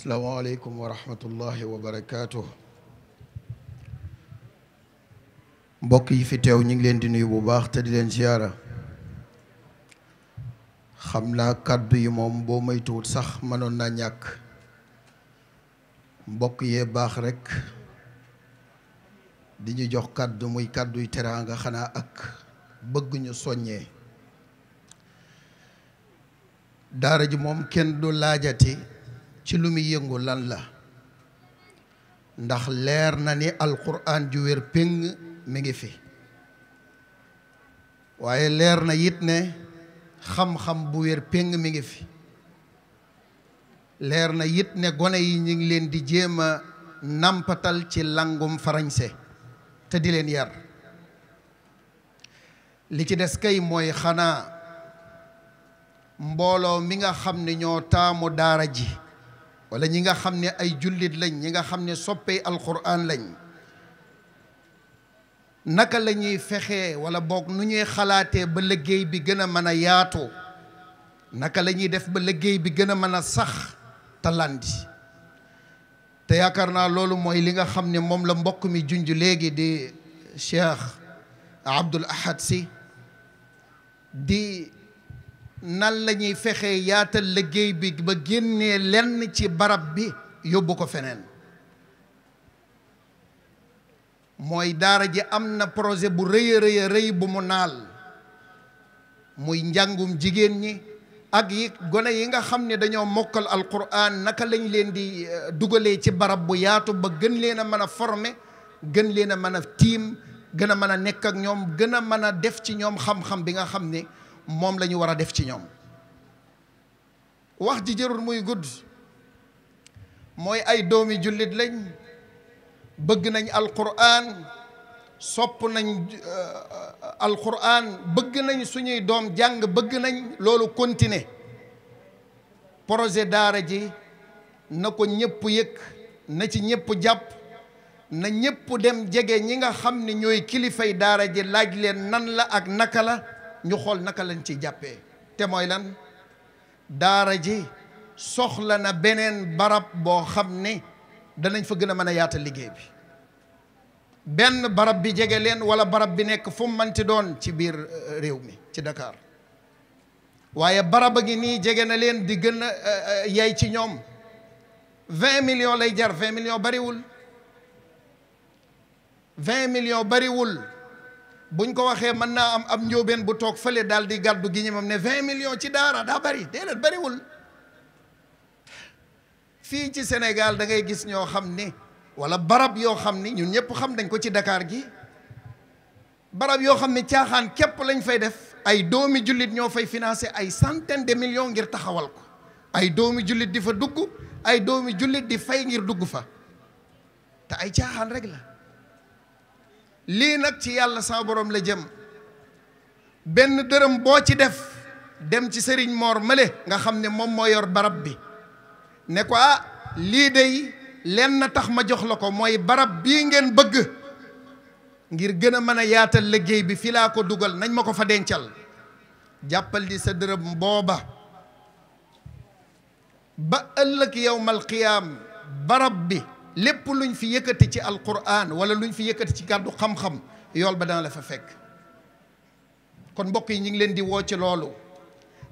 asalaamaaleykum wa rahmatullahi wa barakaatu. mbokk yi fi teew ñu ngi leen di nuyu bu baax te di leen ziyaara xam naa kàddu yi moom boo moytuwul sax mënoon naa ñàkk mbokk yee baax rekk di ñu jox kàddu muy kàdduy teraanga xanaa ak bëgguñu ñu soññee daara ji moom kenn du laajati ci lu muy yëngu lan la ndax leer na ni alquran ju wér péng mi ngi fi waaye leer na yit ne xam-xam bu wér péng mi ngi fi leer na yit ne gone yi ñu ngi leen di jéem a nampatal ci langum farañse te di leen yar li ci des kay mooy xanaa mbooloo mi nga xam ni ñoo taamu daara ji wala ñi nga xam ne ay jullit lañ ñi nga xam ne soppey alquran lañ naka la ñuy fexee wala boog nu ñuy xalaatee ba liggéey bi gën a mën a yaatoo naka la ñuy def ba liggéey bi gën a mën a sax talandi te yaakaar naa loolu mooy li nga xam ne moom la mbokk mi junj léegi di Cheikh Abdoul Ahad Sy di nan lañuy ñuy fexee yaatal liggéey bi ba génnee lenn ci barab bi yóbbu ko feneen mooy daara ji am na projet bu rëy rëy bu mu naal muy njàngum jigéen ñi ak yi gone yi nga xam ne dañoo mokkal alquran naka lañ leen di eh, dugalee ci barab bu yaatu ba gën leen a mën a former gën leen a mën a tiim gën a mën a nekk ak ñoom gën a mën a def ci ñoom xam-xam bi nga xam ni moom lañu ñu war a def ci ñoom wax ji jërul muy gudd mooy ay doomi jullit lañ bëgg nañ alquran sopp nañ euh, alquran bëgg nañ suñuy doom jàng bëgg nañ loolu continuer projet daara ji na ko ñëpp yëg na ci ñëpp jàpp na ñëpp dem jege ñi nga xam ni ñooy kilifay daara ji laaj leen nan la ak naka la ñu xool naka lañ ci jàppee te mooy lan daara ji soxla na beneen barab boo xam ne danañ fa gën a mën a yaatal liggéey bi benn barab bi jege leen wala barab bi nekk fu mu manti doon ci biir euh, réew mi ci Dakar waaye barab a ngi nii jege na leen di gën a euh, euh, yay ci ñoom vingt millions lay jar vingt millions bariwul vingt millions bariwul buñ ko waxee mën naa am am njóobeen bu toog fële daal di gàddu gi ñemam ne vingt millions ci daara daa bari déedéet bariwul fii ci senegal dangay gis ñoo xam ne wala barab yoo xam ni ñun ñëpp xam dañ ko ci Dakar gi barab yoo xam ne caaxaan képp lañ fay def ay doomi jullit ñoo fay financé ay centaine de millions ngir taxawal ko ay doomi jullit di fa dugg ay doomi jullit di fay ngir dugg fa te ay caaxaan rek la lii nag ci yàlla saa boroom la jëm benn dërëm boo ci def dem ci sëriñ moor Male nga xam ne moom moo yor barab bi ne ko ah lii day lenn na tax ma jox la ko mooy barab bii ngeen bëgg ngir gën a mën a yaatal liggéey bi fi laa ko dugal nañ ma ko fa dencal jàppal di sa dërëm booba ba ëllëg yowmal qiyaam barab bi lépp luñ fi yëkkati ci alquran wala luñ fi yëkkati ci kàddu xam-xam yool ba dana la fa fekk kon mbokk yi ñu ngi leen di woo ci loolu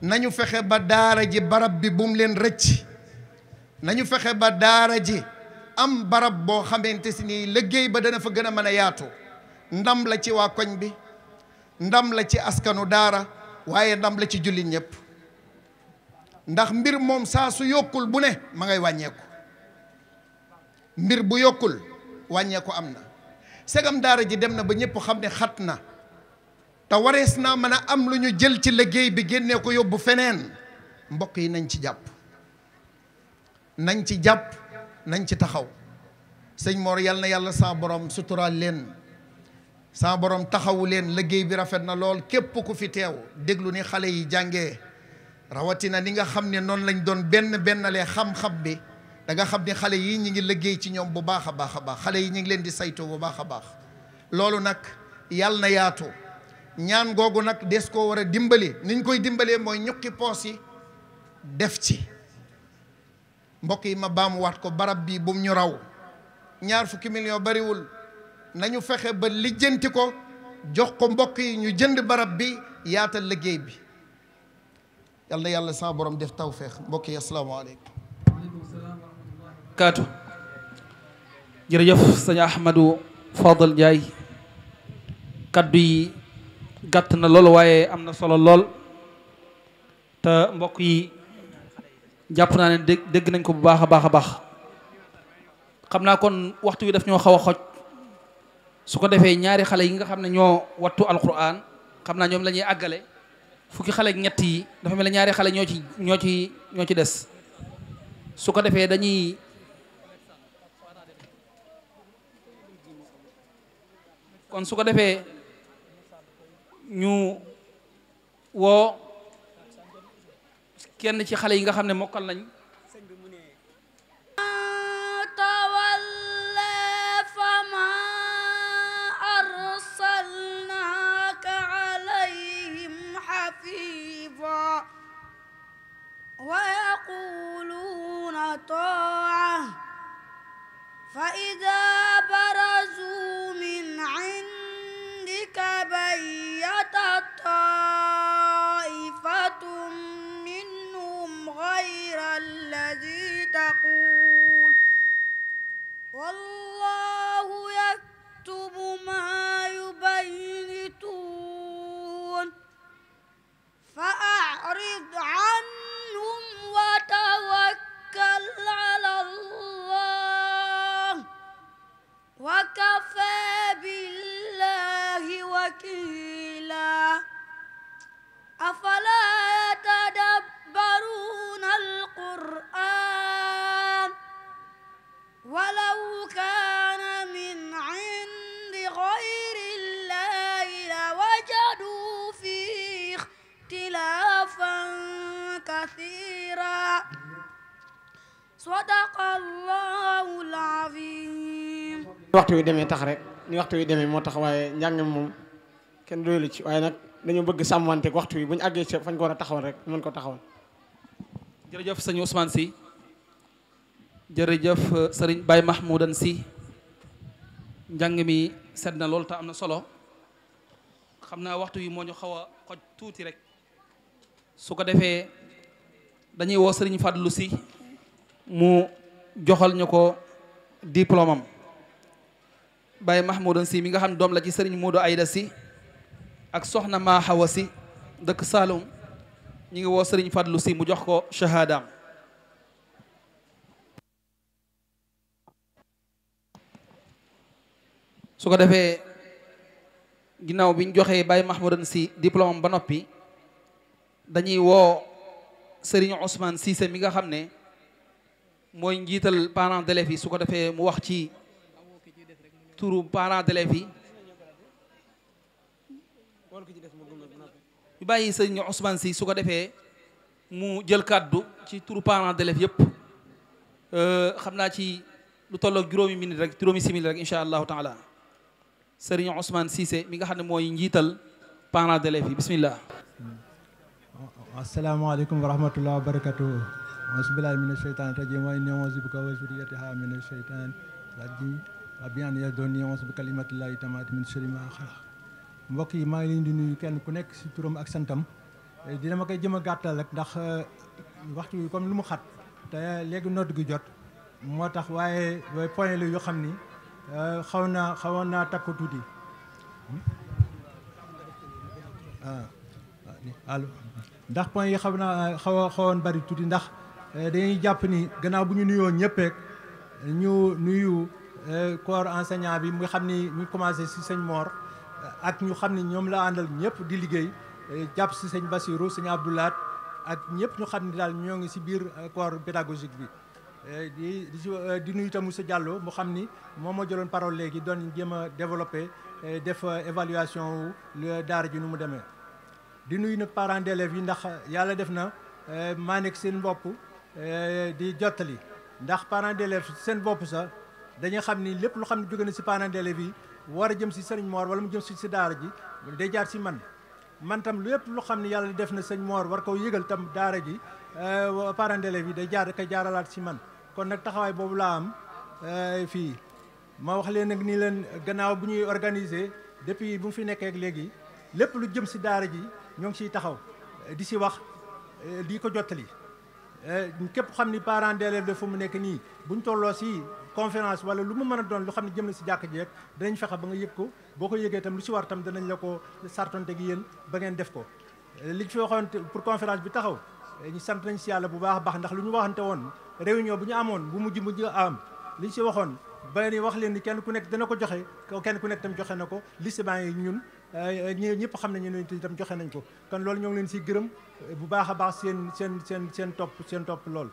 nañu fexe ba daara ji barab bi bum leen rëcc nañu fexe ba daara ji am barab boo xamante si nii liggéey ba dana fa gën a mën a yaatu ndam la ci waa koñ bi ndam la ci askanu daara waaye ndam la ci jullit ñëpp ndax mbir moom saa su yokkul bu ne ma ngay wàññeeku mbir bu yokkul wàññeeku am na segam daara ji dem na ba ñëpp xam ne xat na te warees naa mën a am lu ñu jël ci liggéey bi génnee ko yóbbu feneen mbokk yi nañ ci jàpp nañ ci jàpp nañ ci taxaw sëñ Mor yàlla yàlla saa borom suturaal leen saa borom taxawu leen liggéey bi rafet na lool képp ku fi teew déglu ni xale yi jànge rawatina ni nga xam ne noonu lañ doon benn benn lee xam-xam bi danga xam ne xale yi ñu ngi liggéey ci ñoom bu baax a baax a baax xale yi ñu ngi leen di saytoo bu baax a baax loolu nag yàlla na yaatu ñaan googu nag des koo war a dimbali niñ koy dimbalee mooy ñukki poos yi def ci mbokk yi ma baamuwaat ko barab bi bu mu ñu raw ñaar fukki million bariwul nañu fexe ba lijjanti ko jox ko mbokk yi ñu jënd barab bi yaatal liggéey bi yàlla yàlla sa borom def tawféex mbokk yi asalaamaaleykum barakaatu jërëjëf sëñ Ahmadou Fadal Ndiaye kaddu yi gàtt na lool waaye am na solo lool te mbokk yi jàpp naa ne dégg nañ ko bu baax a baax a baax xam naa kon waxtu wi daf ñoo xaw a xoj su ko defee ñaari xale yi nga xam ne ñoo wattu alquran xam naa ñoom lañuy àggale fukki xale ak ñett yi dafa mel ne ñaari xale ñoo ci ñoo ci ñoo ci des su ko dañuy kon su ko defee ñu woo kenn ci xale yi nga xam ne mokkal nañ waxtu wi demee tax rek ni waxtu wi demee moo tax waaye moom kenn doylu ci waaye nag dañoo bëgg sàmmanteeg waxtu wi bu ñu àggee ci fañ ko war a taxawal rek mën ko taxawal. jërëjëf sëñ Ousmane jërëjëf euh, sëriñ Baye Mahmoudan si njàng mi sedd na lool te am na solo xam naa waxtu wi moo ñu xaw a xoj tuuti rek su ko defee dañuy woo sëriñ Fadlu si mu joxal ñu ko diplôme am Baye Mahmoudan si mi nga xam ne doom la ci sëriñ Moodu Ayda si ak soxna maaxawa si dëkk Saalum ñu ngi woo sëriñ Fadlu si mu jox ko shahaadaam su ko defee ginnaaw bi ñu joxee Baye Mahmoudan si diplôme ba noppi dañuy woo sëriñ Ousmane Cissé mi nga xam ne mooy njiital parents d'élèves yi su ko defee mu wax ci turu parents d'élèves yi ñu bàyyi sëñ osman si su ko defee mu jël kàddu ci turu parent d'élèves yëpp euh, xam naa ci lu tolloog juróomi minute rek juróomi simili rek incha allahu taala sëriñ Ousmane Cissé mi nga xam ne mooy njiital parents d'élèves yi bismillah asalaamaaleykum wa rahmatullah wa barakatuh auzu billahi mina sheytaani rajim wa inni auzu bika wa abian ya doon yonce bi kalimatillahi tamaati min sharri maa mbokk yi maa ngi leen di nuyu kenn ku nekk si turam ak santam eh, dina ma koy jëm a gàttal rek ndax eh, waxtu wi comme lu mu xat te léegi nootu gi jot moo tax waaye looy point la yoo xam ni eh, xaw naa xawoon naa takk tuuti hmm? ah, ah, allo ndax point xaw naa xaw xawoon bari tuuti ndax dañuy jàpp ni gannaaw bu ñu nuyoo ñëpp ñu nuyu Euh, corps enseignant bi mu xam ni mu commencé si sañ Mor ak ñu xam ni ñoom la àndal ñëpp di liggéey euh, jàpp si sëñ Bassirou sëñ Abdoulaat ak ñëpp ñu xam ni daal ñoo ngi si biir euh, corps pédagogique bi. di di nuyu itam monsieur Diallo mu xam ni moom ma jëloon parole léegi doon jéem a développé def évaluation wu daara ji nu mu demee. di nuyu na parents d'élèves yi ndax yàlla def na maa nekk seen bopp di jottali ndax parents d'élèves seen bopp sax. dañuy xam ni lépp lu xam ne jóge na si parents d'élèves yi war a jëm si sëñ Mor wala mu jëm si si daara ji day jaar si man man tam lépp lu xam ne yàlla def na sëñ Mor war koo yëgal tam daara ji euh, parents d'élèves yi day jaar ka jaaralaat si man kon nag taxawaay boobu laa am euh, fii ma wax leen nag nii leen gannaaw bu ñuy organiser depuis bu mu fi nekkee ak léegi lépp lu jëm si daara ji ñoo ngi siy taxaw euh, di si wax di ko jottali képp xam ni parents d'élèves de mu nekk nii buñ tolloo si conférence wala lu mu mën a doon lu xam ne jëm na si jàkk ji rek danañ fexe ba nga yëg ko boo ko yëgee itam lu si war itam danañ la ko sartonte gi yéen ba ngeen def ko li fi waxoon pour conférence bi taxaw ñu sant nañ si yàlla bu baax a baax ndax lu ñu waxante woon réunion bu ñu amoon bu mujj mujj am liñ si waxoon ba wax leen ni kenn ku nekk dana ko joxe kenn ku nekk tam joxe na ko liste baa ngi ñun ñi ñëpp xam nañu ne tam joxe nañ ko kon loolu ñoo ngi leen siy gërëm bu baax a baax seen seen seen seen topp seen topp lool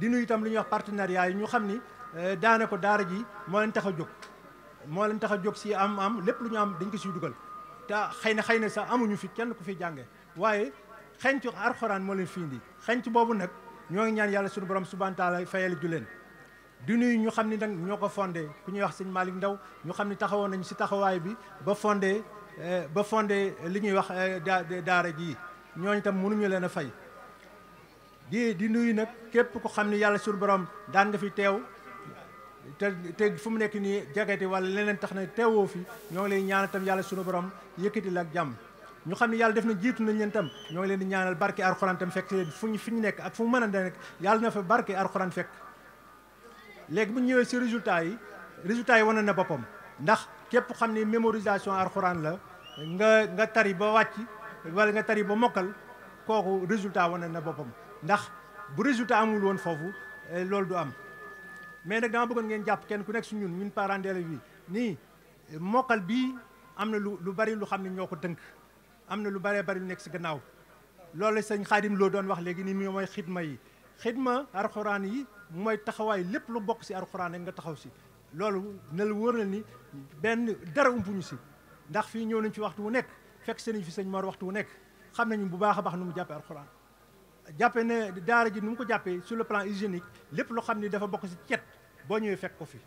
di nuyu itam lu ñuy wax partenariat yi ñu xam ni Euh, daane ko daara ji moo leen tax a jóg moo leen tax a jóg si am am lépp lu ñu am dañ ko siy dugal te xëy na xëy na sax amuñu fi kenn ku fi jànge waaye xencu arxuraan moo leen fi indi xenc boobu nag ñoo ngi ñaan yàlla suñu borom subhaana taala fayal ju leen di nuyu ñu xam ni nag ñoo ko fondé ku ñuy wax sëñ Malick Ndaw ñu xam ne taxawoon nañu si taxawaay bi ba fondé euh, ba fondé li ñuy wax euh, daara ji ñooñu tam mënuñu leen a fay di di nuyu nag képp ku xam ne yàlla suñu borom daan nga fi teew te te fu mu nekk nii jagati wala leneen tax na teewoo fi ñoo ngi lay ñaanal tam yàlla sunu borom yëkkati la ak jàmm ñu xam ne yàlla def na jiitu nañ leen tam ñoo ngi leen di ñaanal barke alxuraan tam fekk fu ñu fi ñu nekk ak fu mën a nekk yàlla na fa barke alxuraan fekk léegi bu ñëwee si résultat yi résultat yi wane na boppam ndax képp xam ne mémorisation alxuraan la nga nga tari ba wàcc wala nga tari ba mokkal kooku résultat wane na boppam ndax bu résultat amul woon foofu eh, loolu du am mais nag dama bëggoon ngeen jàpp kenn ku nekk si ñun ñun parents d'élèves bi nii mokkal bii am na lu lu bari lu xam ne ñoo ko tënk am na lu baree bari lu nekk si gannaaw loolu la sëñ Xaadim loo doon wax léegi nii mooy xidma yi xidma alxuraan yi mooy taxawaay lépp lu bokk si alxuraan rek nga taxaw si loolu dina la na ni benn dara umpuñu si ndax fii ñëw nañ ci waxtu wu nekk fekk sëriñ fi sañ Mor waxtu wu nekk xam nañu bu baax a baax nu mu jàppee alxuraan jàppe ne ji nu mu ko jàppee sur le plan hygiénique lépp loo xam ne dafa bokk si cet boo ñëwee fekk ko fi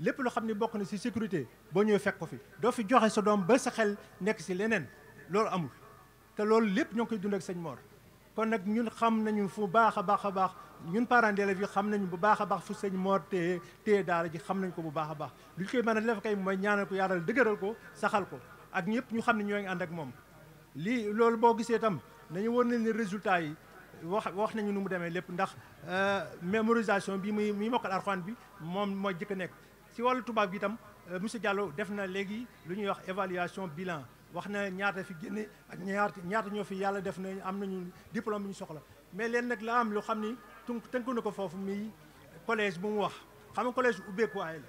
lépp loo xam ne bokk na si sécurité boo ñëwee fekk ko fi doo fi joxe sa doom ba sa xel nekk si leneen loolu amul te loolu lépp ñoo ngi koy dund ak sëñ Mor kon nag ñun xam nañu fu baax a baax a baax ñun parents d'élèves yi xam nañu bu baax a baax fu sëñ Mor téye téye daara ji xam nañ ko bu baax a baax lu ñu koy mën a def kay mooy ñaanal ko yaaral dëgëral ko saxal ko ak ñëpp ñu xam ne ñoo ànd ak moom lii loolu boo gisee itam nañu war nañ ne résultat yi wax wax nañu nu mu demee lépp ndax euh, mémorisation bi muy muy mokkal arxaan bi moom mooy jëkk nekk si wàllu tubaab bi itam euh, monsieur Diallo def na léegi lu ñuy wax évaluation bilan wax na ñaata fi génne ak ñaata ñaata ñoo fi yàlla def na am nañu diplôme bi ñu soxla mais leen nag la am loo xam ni tënk tënku na ko foofu muy collège bu mu wax xam nga collège ubbeekuwaay la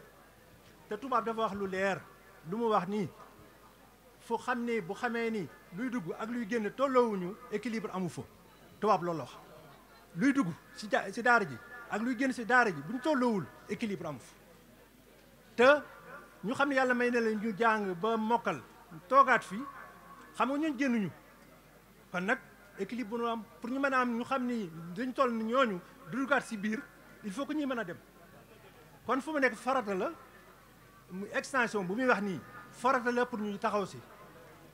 te tubaab dafa wax lu leer lu mu wax nii fu xam ni bu xamee ni luy dugg ak luy génne tolloowuñu équilibre amu fa tubaab loolu la luy dugg si si daara ji ak luy génn si daara ji bu ñu tolloowul équilibre am te ñu xam ne yàlla may na leen ñu jàng ba mokkal toogaat fi xam nga ñun génnuñu kon nag équilibre bu ñu am pour ñu mën a am ñu xam ni dañu toll ni ñooñu dudugaat si biir il faut ko ñuy mën a dem kon fu mu nekk farata la mu extension bu muy wax nii farata la pour ñu taxaw si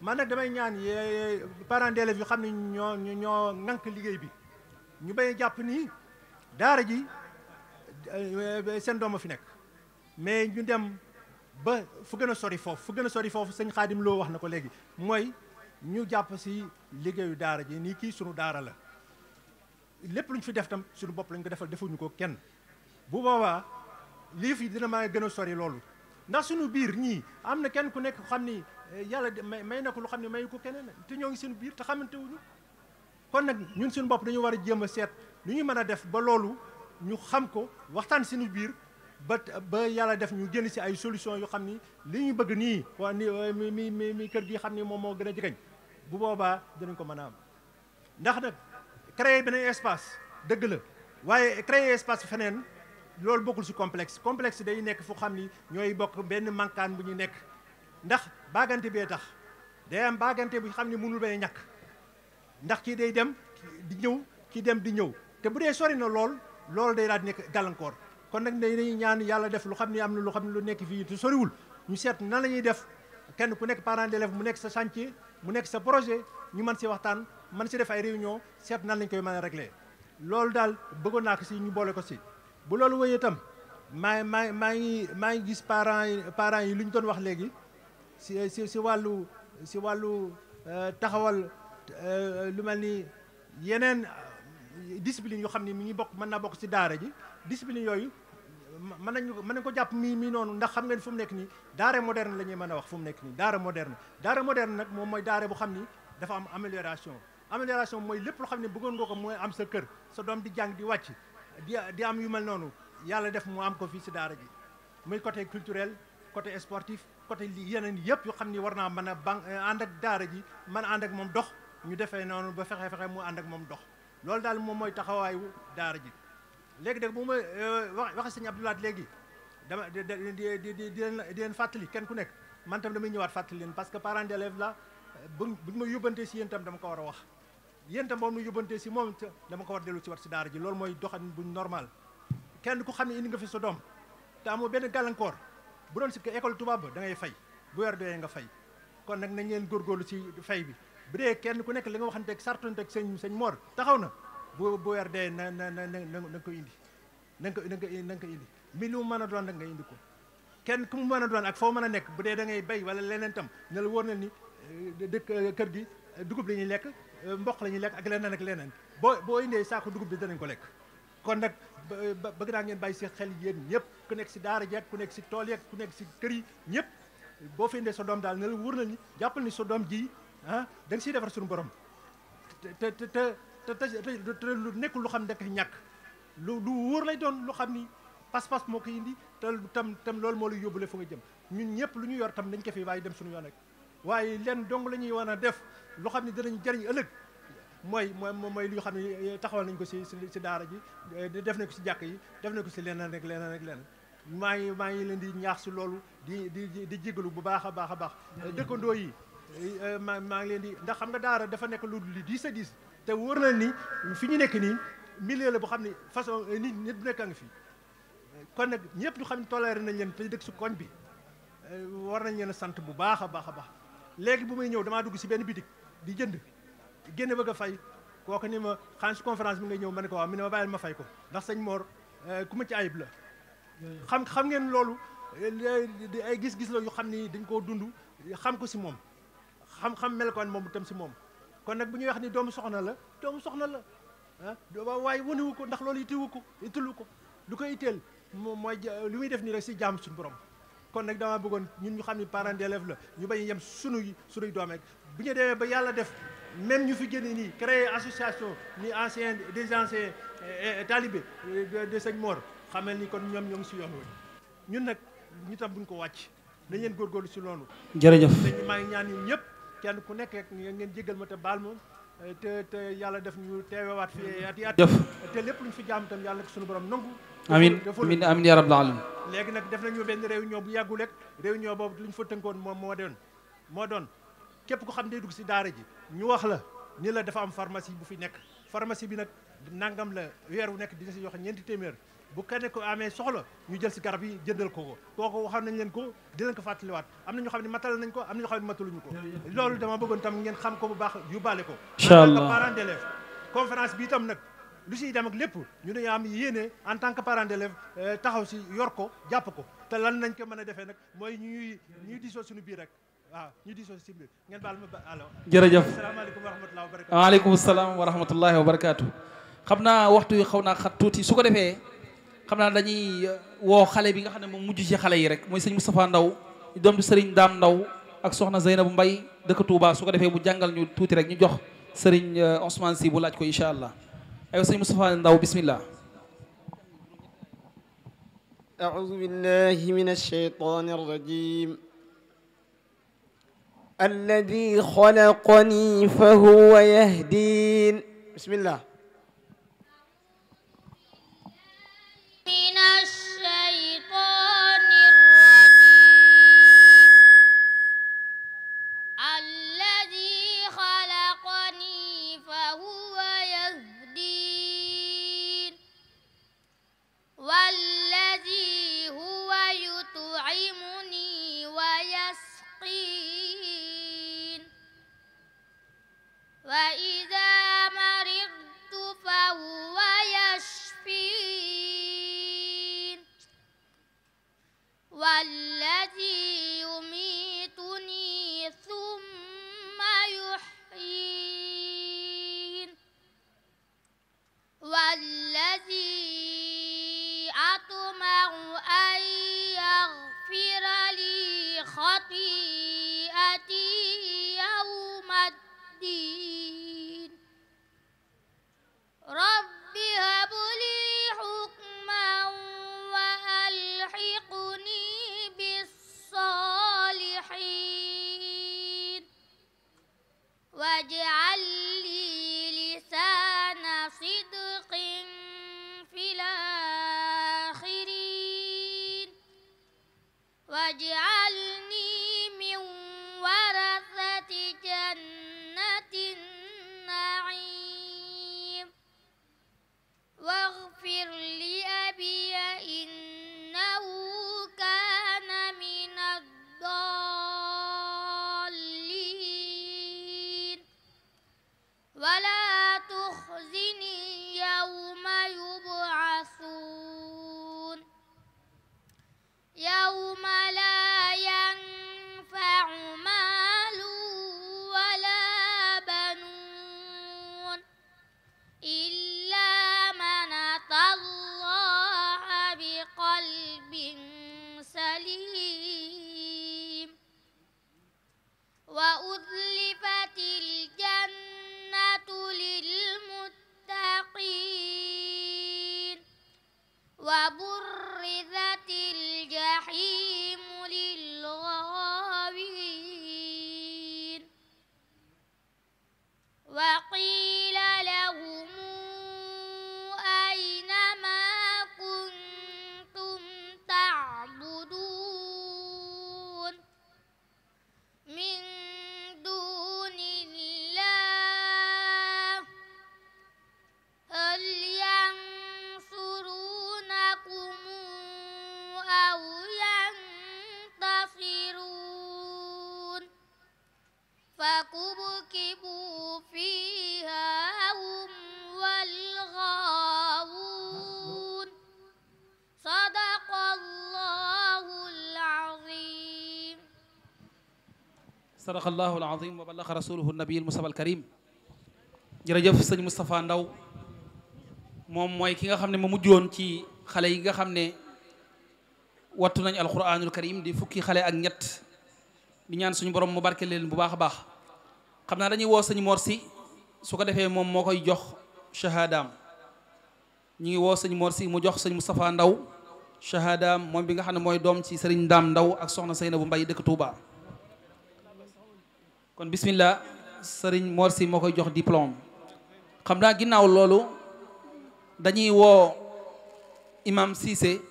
man nag damay ñaan yee parents d'élèves yu xam ne ñoo ñoo ŋànk liggéey bi ñu bay jàpp ni daara ji euh, seen doom a fi nekk mais ñu dem ba fu gën a sori foofu fu gën a sori foofu sëñ Xaadim loo wax na ko léegi mooy ñu jàpp si liggéeyu daara ji nii kii sunu daara la lépp lu ñu fi def tam suñu bopp lañ ko defal defuñu ko kenn bu boobaa lii fi dina ma gën a sori loolu ndax suñu biir ñii am na kenn ku nekk xam nii Eh, yàlla may may na ko lu xam ne may ko keneen te ñoo ngi seen biir te xamante wuñu kon nag ñun suñu bopp dañu war a jéem a seet lu ñu mën a def ba loolu ñu xam ko waxtaan suñu biir ba ba yàlla def ñu génn si ay solution yu xam ni li ñu bëgg nii waa ni mi mi mi kër gi xam ni moom moo gën a jegeñ bu boobaa dinañ ko mën a am ndax nag créer beneen espace dëgg la waaye créer espace feneen loolu bokkul si complexe complexe day nekk fu xam ni ñooy bokk benn mankaan bu ñu nekk ndax baagante bee tax day am baagante bu xam ne mënul bay ñàkk ndax kii day dem di ñëw kii dem di ñëw te bu dee sori na lool loolu day daal di nekk gàllankoor kon nag dañuy ñaan yàlla def lu xam ne am na lu xam ne lu nekk fii te soriwul ñu seet nan la ñuy def kenn ku nekk parent d'élève mu nekk sa chantier mu nekk sa projet ñu mën si waxtaan mën si def ay réunion seet na lañ koy mën a régler loolu daal bëggoon naa ko si ñu boole ko si bu loolu wëyee itam maa maa maa ngi maa ngi gis parents yi yi lu ñu doon wax léegi si si wàllu si wàllu euh, taxawal euh, lu mel nii yeneen euh, discipline yoo xam ni mi ngi bokk mën naa bokk si daara ji discipline yooyu mën nañu mën nañu ko jàpp mii mi noonu ndax xam ngeen fu mu nekk nii daara moderne la ñuy mën a wax fu mu nekk nii daara moderne daara moderne nag moom mooy daara bu xam ni dafa am amélioration amélioration mooy lépp loo xam ne bëggoon nga ko mooy am sa kër sa doom di jàng di wàcc di di am yu mel noonu yàlla def mu am ko fii si daara ji muy côté côté li yeneen yëpp yoo xam ni war naa mën a banque euh, ànd ak daara ji mën a ànd ak moom dox ñu defee noonu ba fexe fexe mu ànd ak moom dox loolu daal moom mooy taxawaayu daara ji léegi nag bu ma euh, wax waxe sëñ Abdoulaat léegi dama di di di leen fàttali kenn ku nekk man tam damay ñëwaat fàttali leen parce que parent d'élève euh, bu ma yóbbantee si yéen tam dama ko war a wax yéen tam moom nu yóbbantee si moom dama ko war dellu si wat si daara ji loolu mooy doxalin buñ normal kenn ku xam ne indi nga fi sa doom te amoo benn gàllankoor bu doon sikk école tubaab ba dangay fay bu weer doyee nga fay kon nag nañ leen góorgóorlu ci fay bi bu kenn ku nekk li nga waxanteeg sartonteeg sëñ sëñ Mor taxaw na bu bu weer dee na na na na ko indi na ko na nga ko indi mi lu mu mën a doon nag nga indi ko kenn ku mu mën a doon ak foo mën a nekk bu dee da ngay bay wala leneen tam ne la na ni eh, dëkk eh, kër gi eh, dugub la ñuy lekk mboq la ñuy lekk ak leneen ak leneen boo boo indee saako dugub bi danañ ko lekk kon nag bëgg naa ngeen bàyyi si xel yéen ñëpp ku nekk si daara jeeg ku nekk si tool yeeg ku nekk si kër yi ñëpp boo fi indee sa doom daal ne wóor na ni jàppal ni sa doom ji ah da siy defar suñu borom te te te te te lu nekkul lu xam ne da koy ñàkk lu lu wóor lay doon lu xam ni pas-pas moo koy indi tam tam loolu moo lay yóbbule fu nga jëm ñun ñëpp lu ñu yor tam dañ ko fi waaye dem suñu yoon rek waaye lenn dong lañuy wan a def lu xam ne dinañ jëriñ ëllëg. mooy mooy mooy li nga xam ne eh, eh, taxawal nañ ko si si daara ji eh, def nañ ko si jàkk yi def nañ ko si leneen rek leneen rek leneen maa ngi maa ngi leen di ñaax si loolu di di di jégalu bu baax a baax a baax dëkkandoo yi maa maa ngi leen di ndax xam nga daara dafa nekk lu li diis a diis te wóor na ni fi ñu nekk nii milieu la boo xam ne façon nit nit bu nekk a ngi fi kon nag ñëpp ñu xam ne toléré nañ leen te dëkk si koñ bi war nañ leen sant bu baax a baax a baax léegi bu may ñëw damaa dugg si benn bitik di jënd génn bëgg a fay kooku ni ma xaalis conférence bi nga ñëw ma ne ko waaw mi ne ma bàyyil ma fay ko ndax sëñ Mor euh, ku ma ci ayib la xam xam ngeen loolu di euh, ay gis-gis la yu xam ni dañ koo dund xam ko si moom xam-xam melokaan moom itam si moom kon nag bu ñuy wax ni doomu soxna la doomu soxna la ah waaye wanewu ko ndax loolu itiwu ko itilu ko lu ko itteel moom mooy li muy def nii rek si jaam suñu borom kon nag dama bëggoon ñun ñu xam ni parents d'élèves la ñu bañ a yem sunuy sunuy doom rek ñu demee ba yàlla def même ñu fi génne nii créer association ni ancien des anciens eh, eh, talibé de sëñ moor xamal ni kon ñoom ñoo ngi si yoon wi ñun nag ñu tam buñ ko wàcc dañ leen góorgóorlu si loolu. jërëjëf dañu maa ñaan ñun ñëpp kenn ku nekk rek ngeen jégal ma te baal ma te te yàlla def ñu teewewaat fi at yi at te lépp luñ fi jaam tam yàlla ko suñu borom nangu. amin amin amin yaa rabbal alamin léegi nag def nañu benn ñoo bu yàggul rek réunion boobu luñ fa tënkoon moom moo doon moo doon. képp ko xam ne dugg si daara ji ñu wax la ni la dafa am pharmacie bu fi nekk pharmacie bi nag nangam la weer wu nekk dina si joxe ñeenti téeméer bu kenn ko amee soxla ñu jël si garab yi jëndal ko ko kooku waxoon nañ leen ko di leen ko fàttaliwaat am na ñoo xam ne matal nañ ko am na ñoo xam ne mataluñu ko loolu dama bëggoon tam ngeen xam ko bu baax bale ko incha allah parent d'élève conférence bi tam nag lu siy dem ak lépp ñu ne yaa am yéene en tant que parent d'élève euh, taxaw si yor ko jàpp ko te lan nañ ko mën a defee nag mooy ñuy ñuy diisoo suñu biir rek jërëjëf waaleykum salaam wa rahmatullahi wa barakaatu. xam naa waxtu yu xaw naa xat tuuti su ko defee xam naa dañuy uh, woo xale bi nga xam ne moom mujj ci xale yi rek mooy sëñ Moustapha Ndaw doom di sëriñ Daam Ndaw ak soxna Zeynabu Mbay dëkk tuuba su ko defee bu jàngal ñu tuuti rek ñu jox sëriñ uh, Ousmane Sy bu laaj ko incha allah aywa sëñ Moustapha Ndaw bismillah أعوذ بالله من الشيطان الرجيم الذي خلقني فهو يهدين بسم الله sadaqa allahu alazim wa ballaxa rasuluhu nabiyil mustafa al karim jërëjëf sëñ Moustapha Ndaw moom mooy ki nga xam ne ma mujjoon ci xale yi nga xam ne wattu nañ alquranul karim di fukki xale ak ñett di ñaan suñu borom mu barke leen bu baax a baax xam naa dañuy woo sëñ Mor si su ko defee moom moo koy jox shahadaam ñi ngi woo sëñ Mor si mu jox sëñ Moustapha Ndaw shahadaam moom bi nga xam ne mooy doom ci sëriñ Ndaam Ndaw ak soxna Seyna bu Mbay dëkk Touba. kon bismillah sëriñ Mor si moo koy jox diplôme xam naa ginnaaw loolu dañuy woo imam Cissé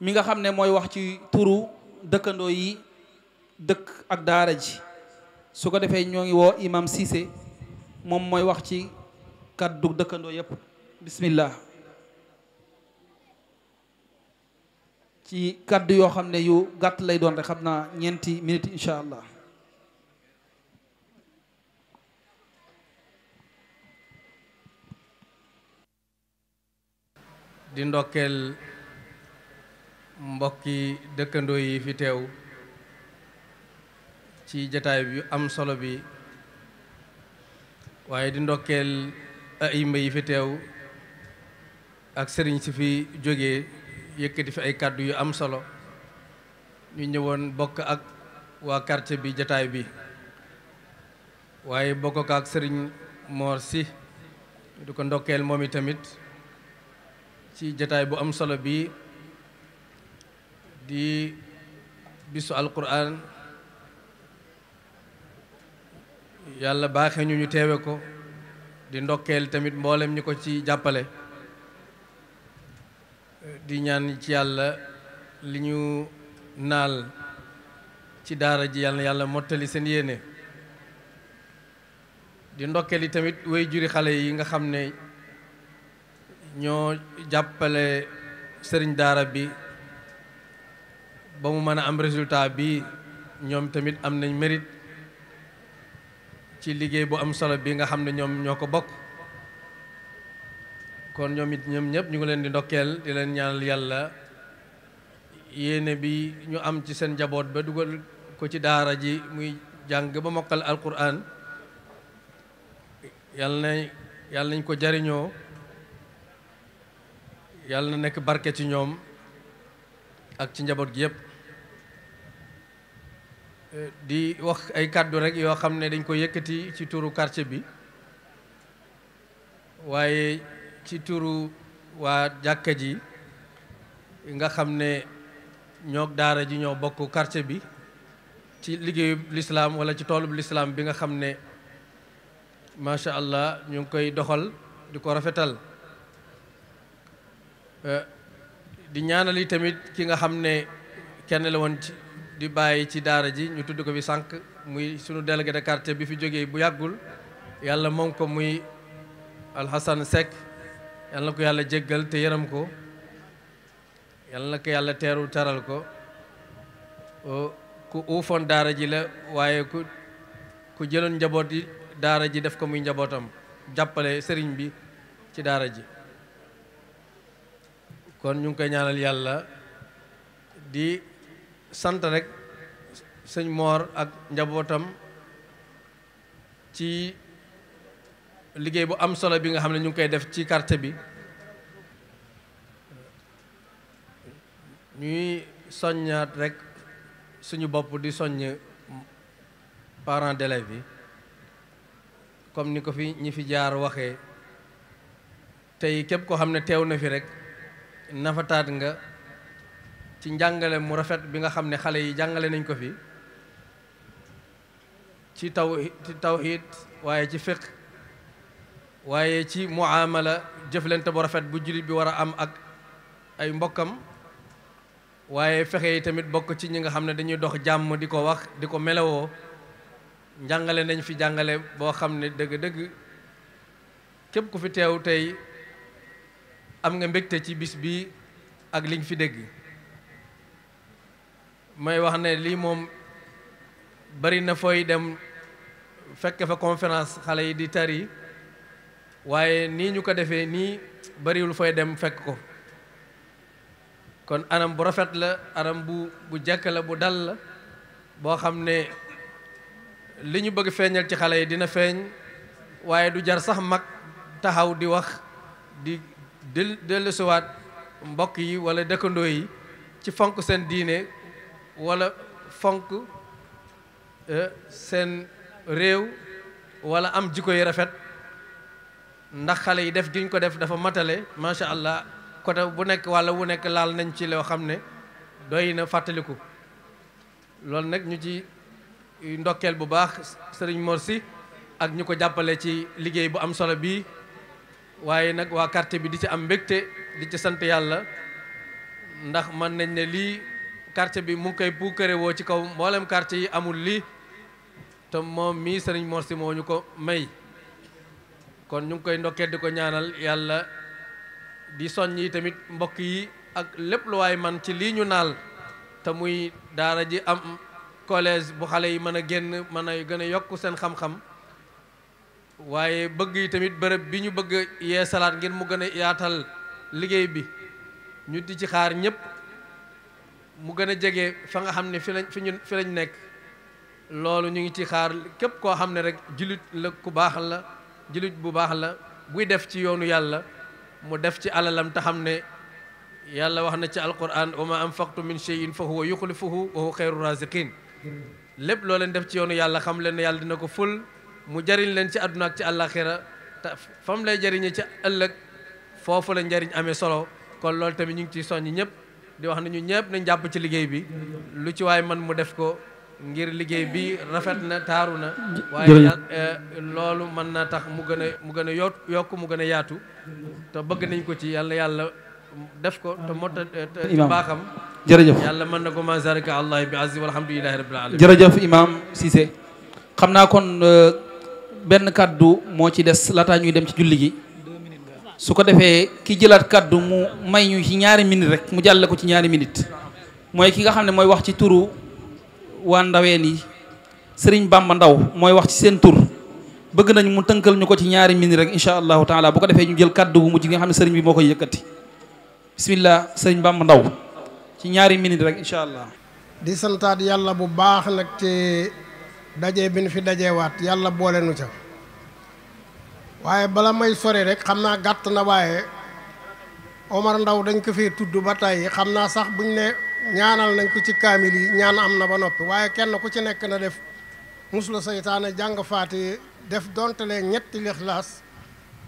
mi nga xam ne mooy wax ci turu dëkkandoo yi dëkk ak daara ji su ko defee ñoo ngi woo imaam Cissé moom mooy wax ci kàddu dëkkandoo yépp bismillah ci kàddu yoo xam ne yu gàtt lay doon rek xam naa ñeenti minutes incha allah di ndokkeel mbokki dëkkandoo yi fi teew ci jataay bi am solo bi waaye di ndokkeel ayimba yi fi teew ak sëriñ si fi jógee yëkkati fi ay kàddu yu am solo ñu ñëwoon bokk ak waa quartier bi jataay bi waaye bokk ak sëriñ Mor si di ko ndokkeel moom i tamit ci jataay bu am solo bi di bisu alquran yàlla baaxe ñu ñu teewe ko di ndokkeel tamit mboolem ñi ko ci jàppale di ñaan ci yàlla li ñu naal ci daara ji yàlla yàlla mottali seen yéene di ndokkeel yi tamit way juri xale yi nga xam ne ñoo jàppale sëriñ daara bi ba mu mën a am résultat bi ñoom tamit am nañ merit ci liggéey bu am solo bi nga xam ne ñoom ñoo ko bokk kon ñoom it ñoom ñëpp ñu ngi leen di ndokkeel di leen ñaanal yàlla yéene bi ñu am ci seen njaboot ba dugal ko ci daara ji muy jàng ba mokkal alquran yàlla na yàlla nañ ko jariñoo yàlla na nekk barke ci ñoom ak ci njaboot gi yëpp eh, di wax ay kàddu rek yoo xam ne dañ ko yëkkati ci turu quartier bi waaye ci turu waa jàkka ji nga xam ne ñoo daara ji ñoo bokk quartier bi ci liggéeyub lislaam wala ci toolub lislaam bi nga xam ne macha allah ñu ngi koy doxal di ko rafetal Eh, di ñaanal yi tamit ki nga xam ne kenn la woon ci di bàyyi ci daara ji ñu tudd ko fi sànq muy sunu délégué de quartier bi fi jógee bu yàggul yàlla moom ko muy Alxasan Seck yàlla ko yàlla jéggal te yërëm ko yàlla na ko yàlla teeru teral ko ku uufoon daara ji la waaye ku ku jëloon njaboot yi daara ji def ko muy njabootam jàppale sëriñ bi ci daara ji kon ñu ngi koy ñaanal yàlla di sant rek sëñ Moor ak njabootam ci liggéey bu am solo bi nga xam ne ñu ngi koy def ci karte bi ñuy soññaat rek suñu bopp di soññ parents d'élèves bi comme ni ko fi ñi fi jaar waxee tey képp koo xam ne teew na fi rek nafataat nga ci njàngale mu rafet bi nga xam ne xale yi jàngale nañ ko fi ci taw ci waaye ci fiqh waaye ci muamala jëflante bu rafet bu jullit bi war a am ak ay mbokkam waaye fexe yi tamit bokk ci ñi nga xam ne dañuy dox jàmm di ko wax di ko melewoo njàngale nañu fi jàngale boo xam ne dëgg-dëgg képp ku fi teew tey am nga mbégte ci bis bi ak liñ fi dégg may wax ne lii moom bari na fooy dem fekke fa conférence xale yi di tari waaye nii ñu ko defee nii bariwul fooy dem fekk ko kon anam bu rafet la anam bu bu jekk la bu dal la boo xam ne li ñu bëgg feeñal ci xale yi dina feeñ waaye du jar sax mag taxaw di wax di del dellusiwaat mbokk yi wala dëkkandoo yi ci fonk seen diine wala fonk eh, seen réew wala am jikko yi rafet ndax xale yi def giñ ko def dafa matale macha allah côté bu nekk wala bu nekk laal nañ ci loo xam ne doy na fàttaliku loolu nag ñu ci ndokkeel bu baax sëriñ Mor si ak ñu ko jàppale ci liggéey bu am solo bii waaye nag waa quartier bi di ci am mbégte di ca sant yàlla ndax mën nañ ne lii quartier bi mu ngi koy puukare woo ci kaw mboolem quartier yi amul lii te moom mii sëriñ Mor Sy moo ñu ko may kon ñu ngi koy ndokkee di ko ñaanal yàlla di soññi tamit mbokk yi ak lépp lu waay man ci lii ñu naal te muy daara ji am collège bu xale yi mën a génn mën a gën a yokk seen xam-xam waaye bëgg yi tamit bërëb bi ñu bëgg yee salaat ngir mu gën a yaatal liggéey bi ñu di ci xaar ñëpp mu gën a jege fa nga xam ne fi lañ fi ñu fi lañ nekk loolu ñu ngi ci xaar képp koo xam ne rek jullit la ku baax la jullit bu baax la buy def ci yoonu yàlla mu def ci alalam te xam ne yàlla wax na ci alquran wa ma anfaqtu min shay'in fa huwa yuxlifuhu wa huwa xayru raziqin lépp loo leen def ci yoonu yàlla xam leen ne yàlla dina ko ful mu jariñ leen ci àdduna ak ci àllaaxira te fam lay jariñe ci ëllëg foofu la njariñ amee solo kon loolu tamit ñu ngi ciy soññ ñëpp di wax nañu ñu ñëpp nañ jàpp ci liggéey bi lu ci waaye man mu def ko ngir liggéey bi rafet na taaru na waaye eh, loolu mën naa tax mu gën a mu gën a yo yokk mu gën a yaatu te bëgg nañ ko ci yàlla yàlla def ko te mota ci baaxam jërëjëf yàlla mën na ko ma zaraka allah bi aziz walhamdulilahi rabbil alamin jërëjëf imam Cissé xam naa kon eh, benn kàddu moo ci des laataa ñuy dem ci julli gi su ko defee ki jëlaat kàddu mu may ñu ci ñaari minute rek mu jàlle ko ci ñaari minute mooy ki nga xam ne mooy wax ci turu waa ndaween yi sëriñ Bamba Ndaw mooy wax ci seen bëgg nañ mu tënkal ñu ko ci ñaari minute rek incha allah taala bu ko defee ñu jël kàddu mu mujj nga xam ne sëriñ bi moo koy yëkkati bismillah sëriñ Bamba Ndaw ci ñaari minute rek incha allah. di santaat yàlla bu baax nag te daje bi nu fi dajewaat yàlla boole nu ca waaye bala may sore rek xam naa gàtt na waaye Omar Ndaw dañ ko fee tudd ba tey xam naa sax buñ ne ñaanal nañ ko ci kaamil yi ñaan am na ba noppi waaye kenn ku ci nekk na def musula seytaane jàng faati def dontale ñetti lixlaas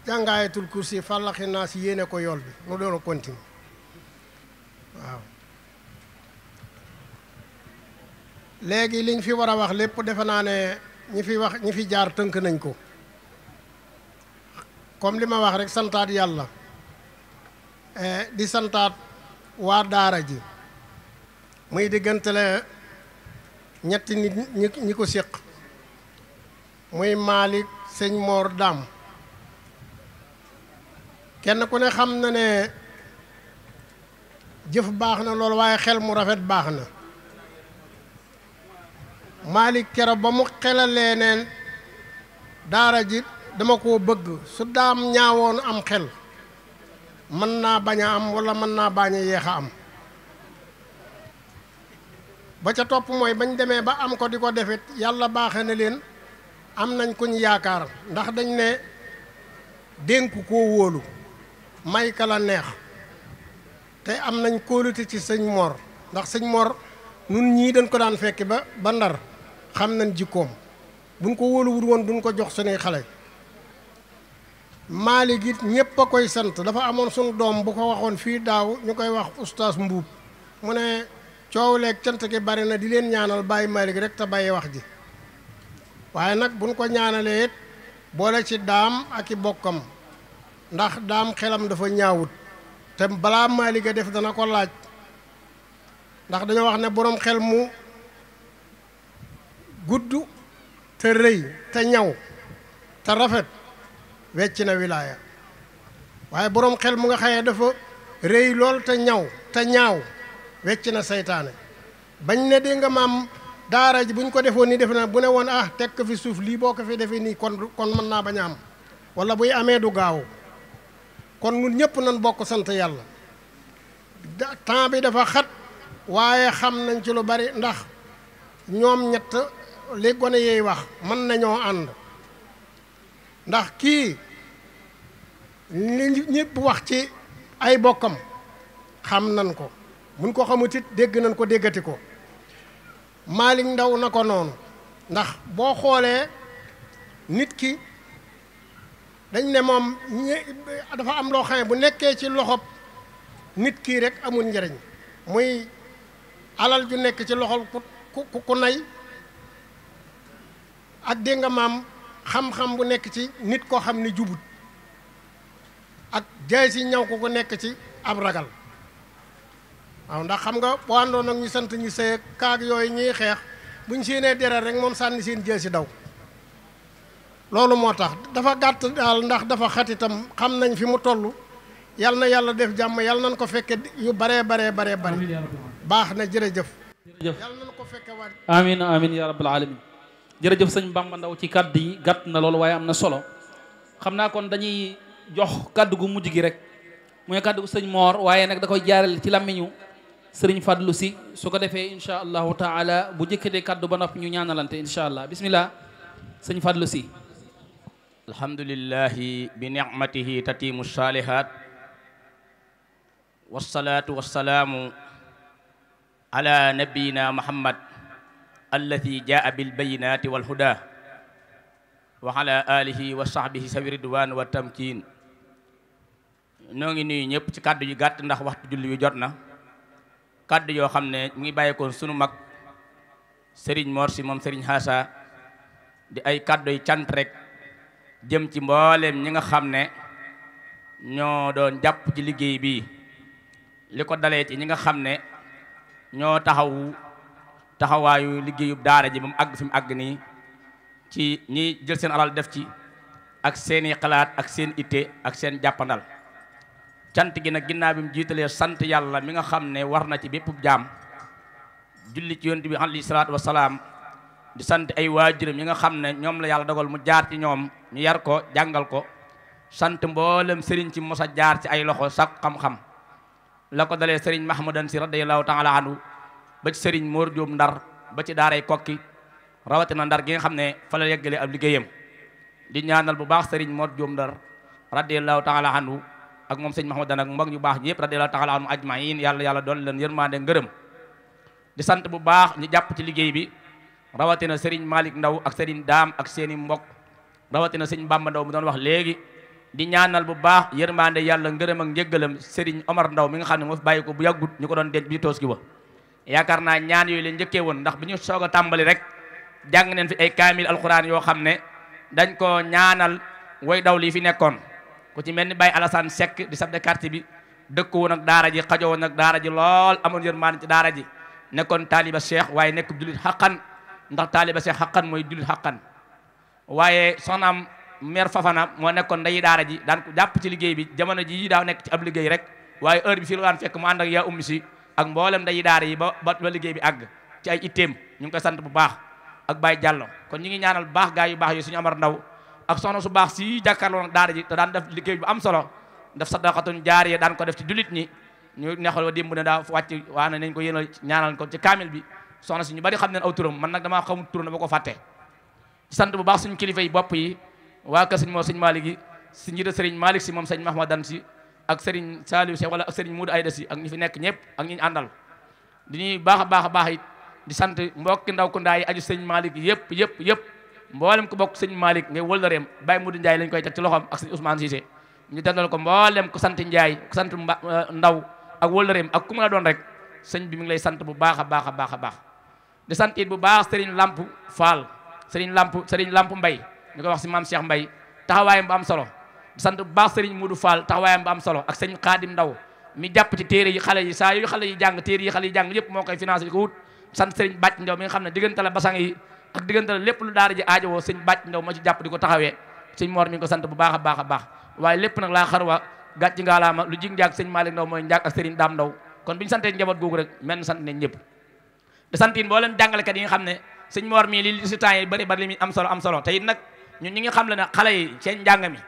jàngaayatul kursi fàllaxi naa si yéene ko yool bi mu doon a continuer waaw léegi liñ fi war a wax lépp defe naa ne ñi fi wax ñi fi jaar tënk nañ ko comme li ma wax rek santaat yàlla eh, di santaat waa daara ji muy diggante la ñetti nit ñi ñi ko séq muy Malick sëñ moor daam kenn ku ne xam na ne jëf baax na lool waaye xel mu rafet baax na Malick kero ba mu xelalee neen daara ji dama koo bëgg su daam ñaawoon am xel mën naa bañ am wala mën naa bañ a a am ba ca topp mooy bañ demee ba am ko di ko defit yàlla baaxe na leen am nañ kuñ yaakaar ndax dañ ne dénk koo wóolu may ka la neex te am nañ kóolute ci sëñ Mor ndax sëñ Mor nun ñii dañ ko daan fekki ba ba Ndar xam nañ jikkoom buñ ko wóoluwul woon duñ ko jox suñuy xale Maalik it ñëpp a koy sant dafa amoon suñu doom bu ko waxoon fii daaw ñu koy wax oustaz Mbuub mu ne coow leeg cant gi bari na di leen ñaanal bàyyi Maalik rek te bàyyi wax ji waaye nag buñ ko ñaanalee it boole ci daam ak i bokkam ndax daam xelam dafa ñaawut te balaa Maalik def dana ko laaj ndax dañoo wax ne boroom xel mu gudd te rëy te ñaw te rafet wecc na wilaaya waaye boroom xel mu nga xayee dafa rëy lool te ñaw te ñaaw wecc na seytaane bañ ne di nga maam daara ji buñ ko defoon nii defe na bu ne woon ah teg ko fi suuf lii boo ko fi defee nii kon kon mën naa bañ a wala buy amee du gaaw kon ñun ñëpp nañ bokk sant yàlla temps bi dafa xat waaye xam nañ ci lu bari ndax ñoom ñett li gone yiy wax mën nañoo ànd ndax kii li ñëpp wax ci ay bokkam xam nan ko buñ ko xamut it dégg nañ ko déggati ko Malick Ndaw na ko noonu ndax boo xoolee nit ki dañ ne moom dafa am loo xam bu nekkee ci loxob nit kii rek amul njëriñ muy alal ju nekk ci loxol ku ku ku nay ak dégg nga maam xam-xam bu nekk ci nit koo xam ne jubut ak jaay si ñaw ko ko nekk ci ab ragal waaw ndax xam nga boo àndoon ak ñu sant ñu sëy kaag yooyu ñuy xeex buñ séenee deret rek moom sànni seen jaay si daw loolu moo tax dafa gàtt daal ndax dafa xatitam xam nañ fi mu toll yal na yàlla def jàmm yal nañ ko fekke yu baree baree bare bari baax na jërëjëf. jërëjëf yal nañ ko fekke waat. amiin amiin yaa rabbal aalamiin jërëjëf sëñ Bamba Ndaw ci kàddu yi gàtt na loolu waaye am na solo xam naa kon dañuy jox kàddu gu mujj gi rek mooy kàddu gu sëñ Moor waaye nag da koy jaarale ci làmmiñu sëriñ Fadlu si su ko defee incha allahu taala bu jëkkatee kàddu ba noppi ñu ñaanalante incha allah bismillah sëñ Fadlu si alhamdulillahi bi nicmatihi tatimu saalihat wassalaatu wassalaamu ala nabiyina muhammad allati jaa bil bayinaati wal hudaa wa ala alihi wa sahbihi sawi ridwaan wa tamkiin noo ngi nuyu ñëpp ci kàddu yu gàtt ndax waxtu julli wi jot na kàddu yoo xam ne mu ngi bàyyikoon sunu mag sëriñ morsi si moom sëriñ Xaasa di ay kàddu yu cant rek jëm ci mboolem ñi nga xam ne ñoo doon jàpp ci liggéey bi li ko dalee ci ñi nga xam ne ñoo taxawu taxawaayu liggéeyub daara ji ba mu àgg fi mu àgg nii ci ñi jël seen alal def ci ak seeni xalaat ak seen itte ak seen jàppandal cant gi nag ginnaaw bi mu jiitalee sant yàlla mi nga xam ne war na ci bépp jaam julli ci yonent bi alayhi salaatu wa salaam di sant ay waajuram mi nga xam ne ñoom la yàlla dogal mu jaar ci ñoom ñu yar ko jàngal ko sant mboolem sëriñ ci mos a jaar ci ay loxo sàkku xam-xam la sëriñ mahmudan si radiyallahu taala anhu ba ci Serigne Mor Diop Ndar ba ci daaray kokki rawatina Ndar gi xam ne fa la yeggale ab liggéeyam di ñaanal bu baax Serigne Mor Diop Ndar radiyallahu taala anhu ak moom sëñ Mahmadan ak mbag ñu baax ñëpp radiyallahu taala anhu ajmain yàlla yàlla doon leen yërmande ngërëm di sant bu baax ñu jàpp ci liggéey bi rawatina Serigne Malick Ndaw ak Serigne Daam ak seeni mbokk rawatina sëñ Bamba Ndaw mu doon wax léegi di ñaanal bu baax yërmande yàlla ngërëm ak njéggalam Serigne Omar Ndaw mi nga xam ne moo fi bàyyi ko bu yàggut ñu ko doon denc bi toos gi ba yaakaar naa ñaan yooyu la njëkkee woon ndax bi ñu soog a tàmbali rek jàng neen fi ay kaamil alquran yoo xam ne dañ ko ñaanal woy daw lii fi nekkoon ku ci mel ni Baye Alassane Seck di chef de bi dëkk woon ak daara ji xajoo woon ak daara ji lool amoon yërmande ci daara ji nekkoon taaliba cheikh waaye nekk julit xaqan ndax taaliba cheikh xaqan mooy julit xaqan waaye soxnaam mère Fafana moo nekkoon ndayi daara ji daan ko ci liggéey bi jamono ji yi nekk ci ab liggéey rek waaye heure bi fii la daan fekk mu si ak mboolem ndeyi daara yi ba ba liggéey bi àgg ci ay itteem ñu ngi koy sant bu baax baay Baye Diallo kon ñu ngi ñaanal bu baax gaa yu baax yooyu suñu amar ndaw ak soxna su baax si jàkkaarloo nag daara ji te daan def liggéey bu am solo def sadaqatun jaariya daan ko def ci dulit ñi ñu neexal wa démb ne daa wàcc waa ne nañ ko yéenal ñaanal ko ci kaamil bi soxna si ñu bari xam neen aw turam man nag damaa xamul turam dama ko fàtte sant bu baax suñu kilifa yi bopp yi waa kër moo sëñ Malick yi si njiitu sëriñ Malick si moom sëñ si ak Serigne Saliou Cheikh wala ak Serigne Moudou Aïda Sy ak ñi fi nekk ñëpp ak ñi ñu àndal di ñuy baax a baax a baax it di sant mbokki ndaw ku ndaa yi aju sëñ Malick yëpp yëpp yëpp mboolem ko bokk sëñ Malick ngay wëlëreem Baye Moudou Ndiaye lañ koy teg ci loxoom ak sëñ Ousmane Cissé ñu tegal ko mboolem ku sant Ndiaye ku sant euh, ndaw ak wëlëreem ak ku mën a doon rek sëñ bi mi ngi lay sant bu baax a baax a baax a baax di sant it bu baax Serigne Lamp Fall Serigne Lamp Serigne Lamp Mbay ñu koy wax si maam Cheikh Mbay taxawaayam bu solo sant bu baax sëriñ Modou Fall taxawaayam ba am solo ak sëriñ Xaadim Ndaw mi jàpp ci téere yi xale yi saa yu xale yi jàng téere yi xale yi jàng yëpp moo koy financé di ko wut sant mi nga la basang yi ak lépp lu daara ji aajowoo sëriñ Bàcc Ndaw ma ci jàpp di ko taxawee sëriñ Mor mi ngi ko sant bu baax a baax a baax waaye lépp nag laa xarwa gàcci ngaalaama lu jig njaag sëriñ Malick Ndaw mooy njaag ak sëriñ Daam Ndaw kon bi ñu santee njaboot googu rek mel sant nañ ñëpp te sant yi boo leen jàngalekat yi nga xam ne sëñ Mor mii li si temps yi bëri bëri am solo am nag ñun ñi nga xam le ne xale yi seen njàng mi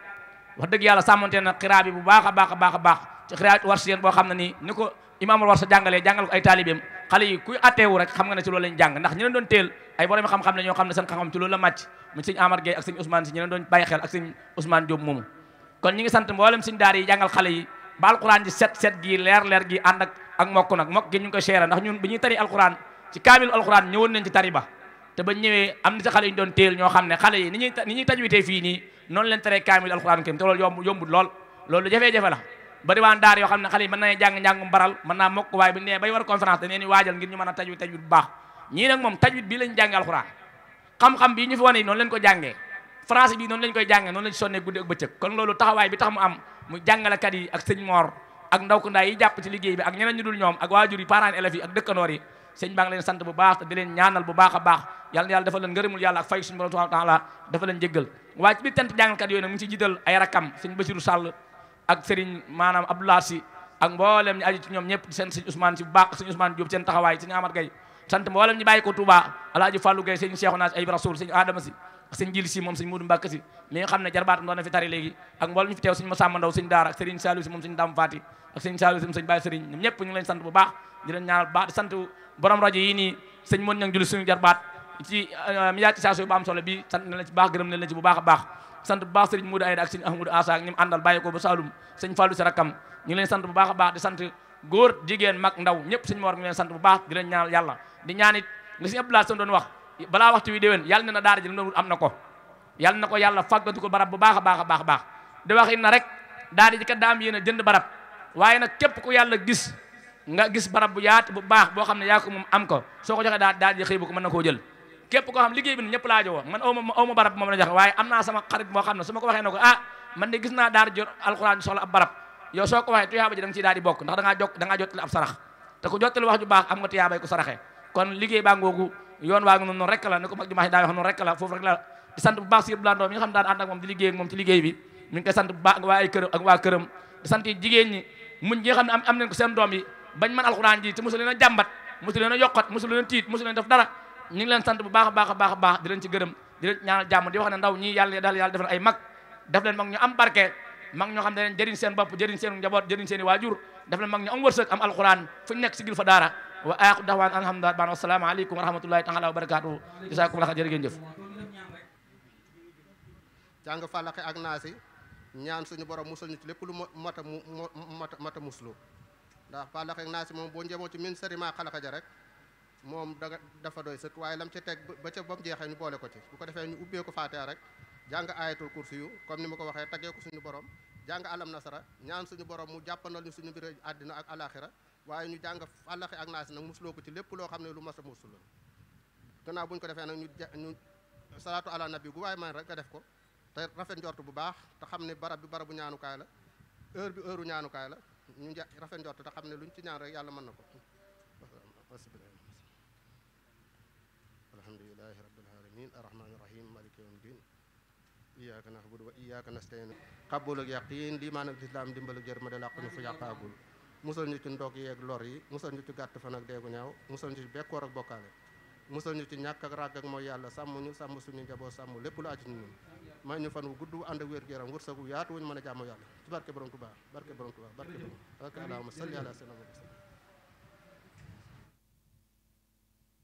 wax dëgg yàlla sàmmonte na xiraa bi bu baax a baax a baax a baax ci xiraa war si yéen boo xam ne nii ni ko imaamul war sa jàngalee jàngal ko ay taalibeem xale yi kuy atteewu rek xam nga ne ci loolu lañ jàng ndax ñi leen doon teel ay borom xam-xam la ñoo xam ne seen xam-xam ci loolu la màcc mu sëñ Amar Gueye ak sëñ Ousmane si ñi leen doon bàyyi xel ak sëñ Ousmane Diop moomu kon ñi ngi sant mboolem sëñ daara yi jàngal xale yi ba alquran ji set set gi leer leer gi ànd ak ak mokk nag mokk gi ñu ngi koy seera ndax ñun bi ñuy tari alquran ci kaamilu alquran ñëwoon nañ ci tari ba te ba ñëwee am na sa xale yu ñu doon téel ñoo xam ne xale yi ni ñuy ni ñuy tajwitee fii nii noonu leen tere kaamil alxuraan karim te loolu jafe-jafe la bari waan ne xale yi mën nañu jàng njàngum baral mën naa mokk waaye bu ñu nee bay war conférence dañu leen waajal ngir ñu mën a tajwit tajwit bu baax xam-xam bii ñu fi leen ko jàngee français bi noonu koy jàngee noonu lañ sonnee guddi ak bëccëg kon loolu taxawaay bi tax mu am mu jàngalekat yi ak sëñ moor ak ndaw ko ndaay yi jàpp ci liggéey bi ak ñeneen ñu dul ñoom ak waajur yi parents élèves yi ak dëkkandoor yi sëñ baa ngi leen sant bu baax te di leen bu baax a baax yàlla na yàlla dafa ak fay suñu borom subhanahu wa taala dafa leen jéggal waaye ak sëriñ maanaam Abdoulaye Si ak mboolem ñu aju ci ñoom ñëpp di seen seen taxawaay Naas ay rasul sëñ Adama si ak sëñ Jili si moom sëñ Muudu Mbàkke si mi nga ne jarbaatam doon na fi tari léegi ak mboolem ñu fi teew sëñ Masamba Ndaw sëñ Daara ak sëriñ Saliou si moom sëñ Dam Faati ak sëñ Saliou borom rajo yi nii sëñ mën ñang julli suñu jarbaat ci euh, médiatisation bu am solo bi sant na la ci baax bu baax a sant bu baax sëriñ Modou Ayda ak sëñ Asa ak ñi mu ko ba Saloum sëñ Fallou sa rakkam ñu ngi leen sant bu baax a baax di sant góor jigéen mag ndaw ñëpp sëñ Mor ñu leen sant bu baax di leen ñaanal di ñaan it li sëñ Abdoulaye Sane doon wax balaa wi déwén yàlla na daara ji doon am na ko yàlla na a baax a baax baax di wax it na rek daara ji kat daa am a jënd barab waaye nag képp ku nga gis barab bu yaatu bu baax boo xam ne yaa moom am soo ko joxee daal daal ko mën na koo jël képp koo bi ñëpp laajo man aw barab moom la joxe waaye am sama xarit boo xam ne su ma ko waxee ne ah, soo ko waxee tuyaaba ji da nga ciy daal di bokk ndax da ngaa jokk da ngaa jottali ab sarax te ku jottali wax ko saraxee kon liggéey baa ngoogu yoon waa ngi noonu rek la ko mag ju maax daa wax noonu rek la foofu rek la bañ mën alxuraan ji te mosu leen a jàmbat mosu leen a yokkat mosu leen a tiit mosu def dara ñu leen sant bu baax a baax a baax a ci gërëm di leen ñaanal jàmm di wax ne ndaw ñi yàlla daal yàlla def ay mag def leen mag ñu am barke mag ñoo xam ne leen jëriñ seen bopp jariñ seen njaboot jëriñ seen i waajur def leen mag ñu am wërsëg am alxuraan fu ñu nekk si gil fa daara wa aaxu dawaan alhamdulilah baan wasalaamu aleykum wa rahmatullahi taala wa barakaatu jisaakum laxa jërëgéen jëf jàng fàllaxe ak naasi ñaan suñu borom musul ñu ci lépp lu mata mata muslu ndax fàllaxeek naa si moom boo njemoo ci min sërima xalaxa ja rek moom da dafa doy sëkk waaye lam ci teg ba ca ba mu jeexee ñu boole ko ci bu ko defee ñu ubbee ko faatee rek jàng ayatul kursi yu comme ni ma ko waxee taggee ko suñu borom jàng alam nasara ñaan suñu borom mu jàppanal ñu suñu mbir àddina ak alaxira waaye ñu jàng fàllaxe ak si nag musuloo ko ci lépp loo xam ne lu masa a musul gannaaw bu ko defee nag ñu ñu salaatu ala nabi gu waaye man rek def ko rafet njort bu baax te xam ne barab bi barabu ñaanukaay la heure bi heure ñaanukaay la ñu ja rafet njort te xam ne lu ñu ci ñaan rek yàlla mën na ko alhamdulilahi rabbil alamin arrahmani rahim maliki yawmi din iyyaka na'budu wa iyyaka nasta'in xabul ak yaqin lii maanaam lislaam dimbalug jërma de làq ñu fu yàqaagul musal ñu ci ndog yeeg lor yi musal ñu ci gàtt fan ak deegu ñaaw musal ñu ci bekkoor ak bokkaale musal ñu ci ñàkk ak ràgg ak mooy yàlla sàmm ñu sàmm suñu njaboot sàmm lépp lu aju ñu ñun may ñu fan wu gudd ànd ak wér-gu-yaram wërsëgu yaatu wuñu mën a jàmm yàlla ci barke borom Tuubaa barke borom Tuubaa barke borom barke allahumma salli ala sayyidina